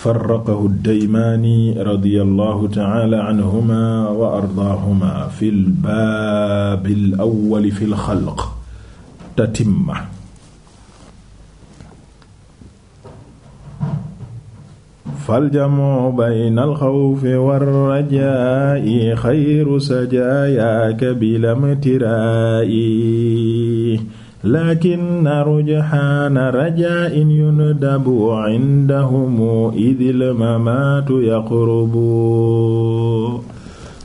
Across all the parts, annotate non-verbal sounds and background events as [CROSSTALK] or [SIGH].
farraqahu ddaymaani radiyallahu ta'ala anhuma wa ardaahuma fi lbaabi lawwali fi lxalq tatimma faljamu bayna alxawfi warrajaa'i xayru sajaayaaka bilamtiraa'i lakin rujxaana rajaa'in yundabu indahumu idil mamaatu yaqrubu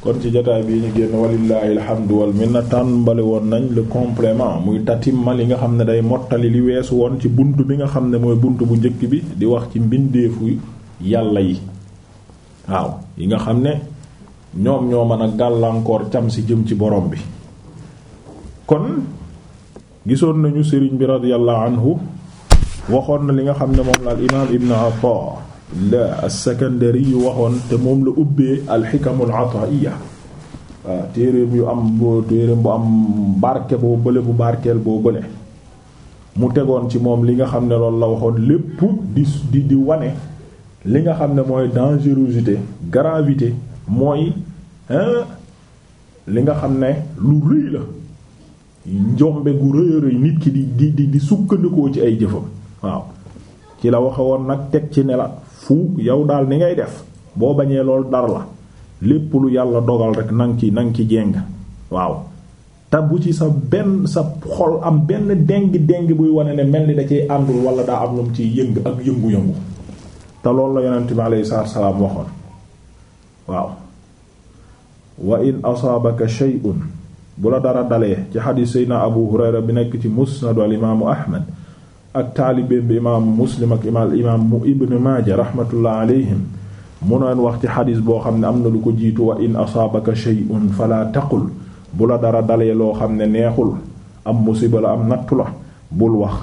kon ci jotaay bii ñu génn walillaahi alhamdu wal minna tàmbali woon nañ le complément muy tatimma li nga xam ne day mottali li weesu woon ci bunt bi nga xam ne mooy bunt bu njëkk bi di wax ci mbindeefu yàlla yi waaw yi nga xam ne ñoom ñoo mën a gàllankoor cam si jëm ci borom bi kon gisoon nañu sëriñ bi radiyallahu waxoon na li nga xam ne moom la al imaam ibn Ataa la yu waxoon te moom la ubbee alxikamul ataaiya waaw téereem yu am boo téereem bu am barke boo bële bu barkeel boo bële mu tegoon ci moom li nga xam ne loolu la waxoon lépp di di di wane li nga xam ne mooy dangerosité gravité mooy li nga xam ne lu rëy la njombe gu rëy rëy nit ki di di di ci ay jëfam waaw ci la waxe woon nag teg ci ne la fu yow daal ni ngay def boo bañee lool dara la lépp lu yàlla dogal rek nang ci nang ki jéng waaw te ci sa benn sa xol am benn déng-déng buy wane ne mel ni da cee àndul wala daa am lu mu ciy yëng ak yëngu-yëngu te loolu la yonent bi aleyhi salaatu salaam waxoon waaw wa in asaabaka shay'un bu la dara dalee ci xadiis seydna abu hurayra bi nekk ci musnadu al imaamu ak taalibeem bi imaamu muslim ak imaam imaamu ibn maaja rahmatullah alayhim mu neen wax ci xadiis boo xam ne am na lu ko jiitu wa in asaabaka shay'un fala taqul bu la dara dalee loo xam ne neexul am musiba la am nattu la bul wax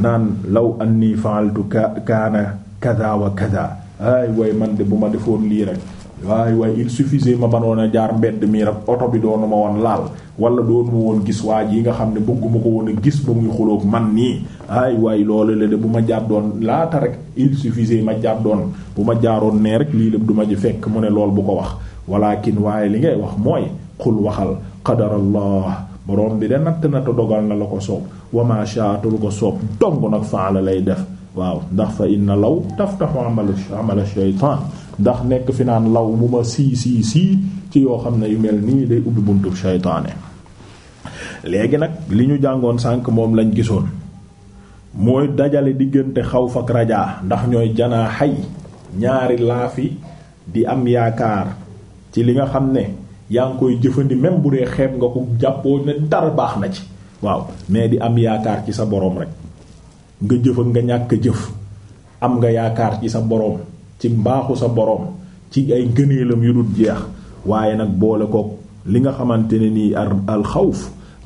naan law anni fa'altu kaana kada wa kada ay way man de bu ma defoon lii rek waay waay il suffisait ma banoon a jaar mbedd mii rek oto bi doonu ma woon laal wala doonu ma woon gis waa yi nga xam ne bëgguma ko woon a gis ba muy xuloog man nii ay waay loolu la de bu ma jàddoon laata rek il suffisait ma jàddoon bu ma jaaroon nee rek lii lépp du ma ji fekk mu ne lool bu ko wax walakin waaye li ngay wax mooy xul waxal qadarallah borom bi de natt na te dogal na la ko soob wama shaatul ko soob dong nag faala lay def waaw ndax fa inna law taftahu amal amal shaytaan ndax nekk fi naan law mu ma sii sii sii ci yoo xam ne yu mel nii day ubbi buntu shaytaane léegi nag li ñu jàngoon sànq moom lañu gisoon mooy dajale diggante xaw ak rajaa ndax ñooy janaa xay ñaari laafi di am yaakaar ci li nga xam ne yaa ngi koy jëfandi même bu dee xeeb nga ko jàppoo ne dara baax na ci waaw mais di am yaakaar ci sa boroom rek nga jëf nga ñàkk jëf am nga yaakaar ci sa boroom ci mbaaxu sa boroom ci ay ngëneelam yu dul jeex waaye nag boole ko li nga xamante ne nii al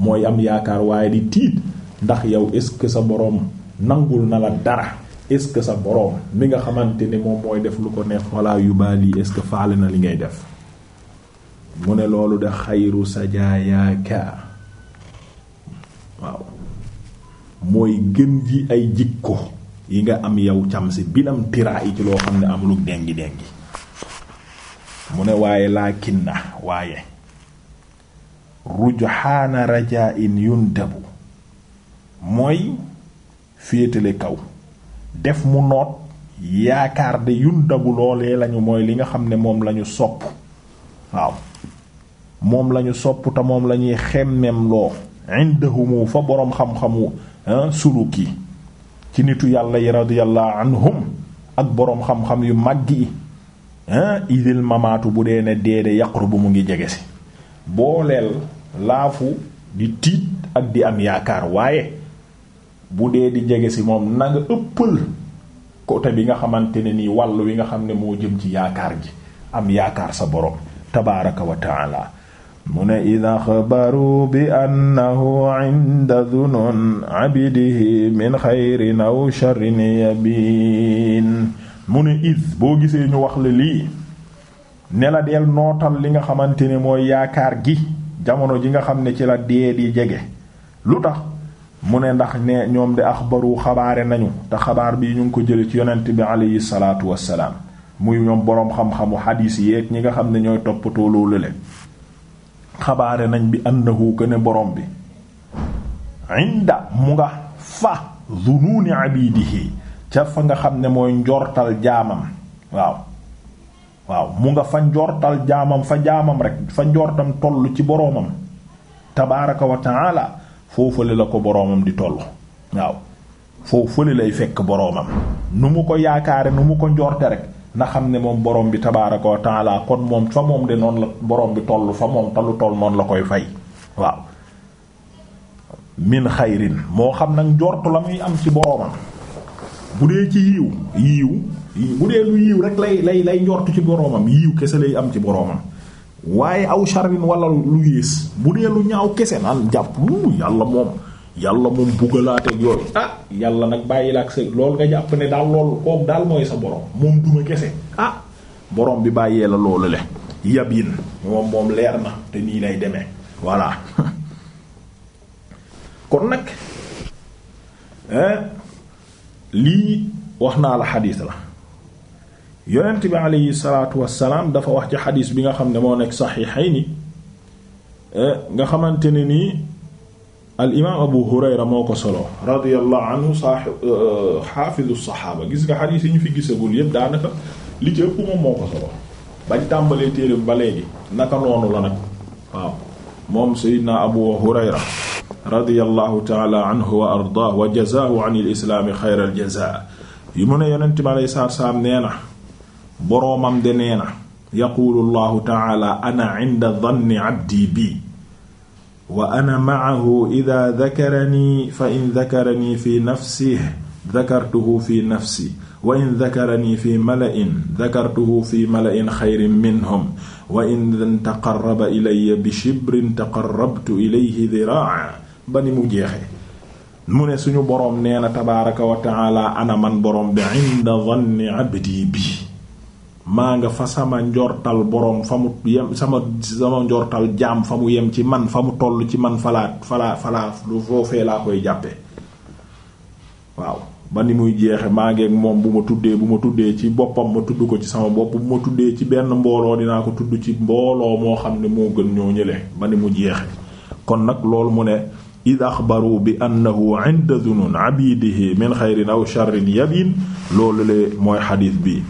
mooy am yaakaar waaye di tiit ndax yow est-ce que sa boroom nangul na la dara est-ce que sa boroom mi nga xamante ne moom mooy def lu ko neex walla yu baal yi est-ce que faale na li ngay def mu ne loolu de xayru sajaayaaka waaw mooy gën ji ay jikko yi nga am yow cam si bilam tiraa yi ci loo xam ne amulug dengi dengi mu ne waaye laakin na waaye rujxaana rajaa in yundabu mooy féetale kaw def mu noot yaakaar de yundabu loolee lañu mooy li nga xam ne moom lañu sopp waaw moom lañu sopp te moom lañuy xemmem loo fa boroom xam-xamu ah, suluk yi ci nitu yàlla yi radiyallahu anhum ak boroom xam-xam yu màgg yi idil mamaatu bu dee ne dee de yaqrubu mu ngi jege si booleel laafu di tiit ak di am yaakaar waaye bu dee di jege si moom na nga ëppal côté bi nga xamante ne nii wàll wi nga xam ne moo jëm ci yaakaar ji am yaakaar sa boroom tabaaraka wa mu ne id axbaru bi annahu inda dunun abidihi min xayrin aw sharrin yabin mu ne id boo gisee ñu wax la lii ne la deel nootal li nga xamante ne mooy yaakaar gi jamono ji nga xam ne ci la dee di jege lu tax mu ne ndax ne ñoom de axbaru xabaare nañu te xabaar bi ñu ngi ko jële ci yonent bi aleyhi salaatu wassalaam muy ñoom boroom xam-xamu xadiis yeeg ñi nga xam ne ñooy toppatoo loolu le xabaare nañ bi ànd annahu ne borom bi mu nga fa zunuuni abidihi ca fa nga xam ne mooy njortal jaamam waaw waaw mu nga fa njortal jaamam fa jaamam rek fa njortam toll ci boroomam tabaaraka wa taala foofale la ko boroomam di toll waaw foofale lay fekk boroomam nu mu ko yaakaare nu mu ko njorte rek na xam ne moom borom bi tabaaraka wa taala kon moom fa moom de noonu la borom bi toll fa moom ta lu toll noonu la koy fay waaw min xayrin moo xam nag njortu la muy am ci boromam bu dee ci yiiw yiiw bu dee lu yiiw rek lay lay njortu ci boromam yiiw kese lay am ci boromam waaye aw sharrin walla lu yées bu dee lu ñaaw kese naan jàpp yàlla moom yàlla moom bugalaateeg yooyu ah yàlla nag bàyyi la ak sa loolu nga jàpp ne daal loolu kook daal mooy sa borom moom duma kese ah boroom bi bàyyee la loolu le yabin moom moom leer na te nii lay deme voilà [LAUGHS] kon nag lii wax naa la xadiis la yonent bi aleyhi salaatu wassalaam dafa wax ci xadiis bi nga xam ne moo nekk saxiixayni nga xamante ne nii al imaam abu hurayra moo ko solo radiyallahu anhu euh, xaafizu saxaaba gis nga xadiis yi ñu fi gisagul yépp daanaka li ci ëpp moom moo ko solo bañ tàmbalee téereem ba léegi naka noonu la nag moom seydina abu hurayra radiyallahu taala anhu wa ardaah wa jazaahu an il islaami xayral jazaa yi mu ne yonent ma lay nee na boroomam de nee na yaquulu allahu taala ana inda danni bi wa ana maahu ida dakarani fa in dakarani fi nafsi dakartuhu fi nafsi wa in dakarani fi mala'in dakartuhu fi mala'in xayrin minhum wa in taqarraba ilayya bi shibrin taqarrabtu ilayhi diraa ba ni mu jeexee mu ne suñu boroom nee na tabaaraka wa taala ana man boroom bi inda zanni abdi bi maa nga fa sama njortal boroom fa mu yem sama sama njortal jaam fa mu yem ci man fa mu toll ci man falaa falaa falaa foofee laa koy jàppe waaw ba ni muy jeexe maa ngeeg moom bu ma tuddee bu ma tuddee ci boppam ma tudd ko ci sama bopp bu ma tuddee ci benn mbooloo dinaa ko tudd ci mbooloo moo xam ne moo gën ñoo ñële ba ni mu jeexe kon nag loolu mu ne id axbaru bi annahu inda zunun abidihi min xayrin aw sharrin yabin loolu le mooy xadiis bi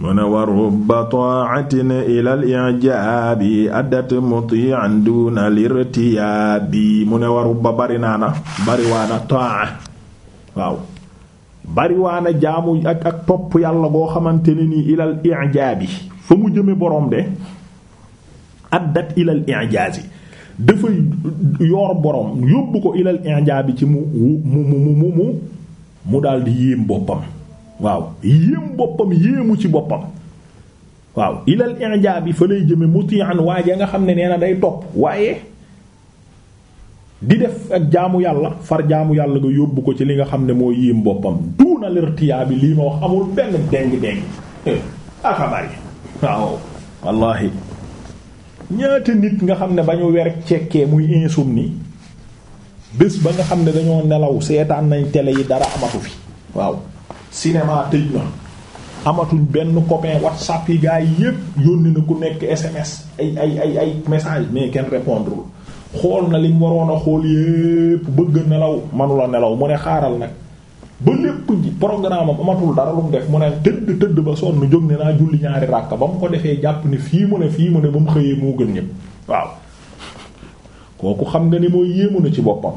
mu ne wa rubba taatin ila al ijaabi addat muti'an duna al irtiyaabi mu ne waru rubba bari naa na bari waana taa waaw bari jaamu ak ak topp yàlla goo xamante ne nii ilal ijaabi fa mu jëme borom de addat ilal ijaazi dafay yoor borom yóbbu ko ilal ijaabi ci mu mu mu mu mu mu daal di yéem boppam waaw yéem boppam yéemu ci boppam waaw ilal i'jaab bi fa lay jëme muti'an waaja nga xam ne nee na day topp waaye di def ak jaamu yàlla far jaamu yàlla nga yóbbu ko ci li nga xam ne moo yéem boppam duuna lirtiyaa bi lii ma wax amul benn déng-déng akabar ah, yi waaw wallahi ñaata nit nga xam ne ba ñu wer cekkee muy insomnie bés ba nga xam ne dañoo nelaw seetaan nañ télé yi dara amatu fi waaw cinéma tëj na amatuñ benn copain whatsapp yi gars yi yépp yónni na ku nekk SMS ay ay ay ay message mais kenn répondre xool na liñ waroon a xool yépp bëgg nelaw manula nelaw mu ne xaaral nag ba lépp ji programme am amatul dara lu mu def mu ne tëdd tëdd ba sonn jóg ne naa julli ñaari ràkka ba mu ko defee jàpp ni fii mu ne fii mu ne ba mu xëyee moo gën ñëpp waaw kooku xam nga ni mooy yéemu na ci boppam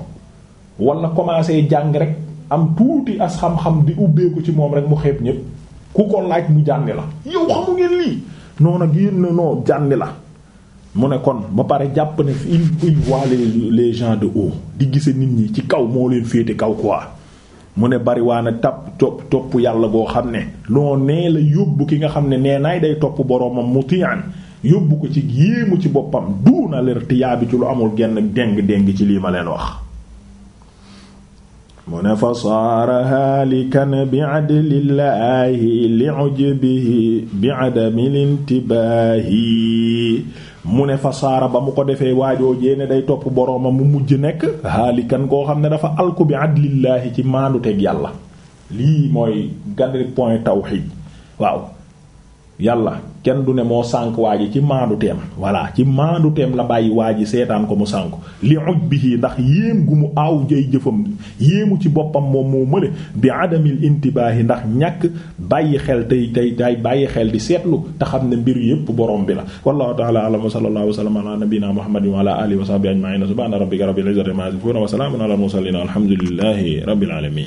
walla commencé jàng rek am tuuti as xam-xam di ubbeeku ci moom rek mu xeeb ñépp ku ko laaj mu jànni la yow xamu ngeen lii noonu ak yéen jànni la mu ne kon ba pare jàpp ne il il voit les les de haut di gise nit ñi ci kaw moo leen féete kaw quoi mu ne bariwaane tap topp topp yàlla goo xam ne loo nee la yóbbu ki nga xam ne nee naay day topp boroomam mutian yóbbu ko ci yéemu ci boppam du duuna lertiyaa bi ci lu amul genn déng déng ci lii ma leen wax mu ne fa saara haalikan bi adlillaahi li ujbihi bi adami lintibaahi mu ne fa saara ba mu ko defee waajoo jéene day topp boroomam mu mujj nekk haalikan koo xam ne dafa alku bi adlillaahi ci maandu yàlla lii mooy gàddi point tawxiid waaw yàlla kenn du ne moo sànk waa ji ci maandu teem voilà ci maandu teem la bàyyi waa ji seetaan ko mu sànk li ujbihi ndax yéem gu mu aaw jay jëfam yéemu ci boppam moom moo mëne bi adamil intibaahi ndax ñàkk bàyyi xel tey tey bàyyi xel di seetlu te xam ne mbir yépp borom bi la wallahu ta'ala a'lam wa sallallahu wa sallama ala nabiyyina muhammadin wa ala alihi wa sahbihi ajma'in subhana rabbika rabbil alhamdulillahi rabbil alamin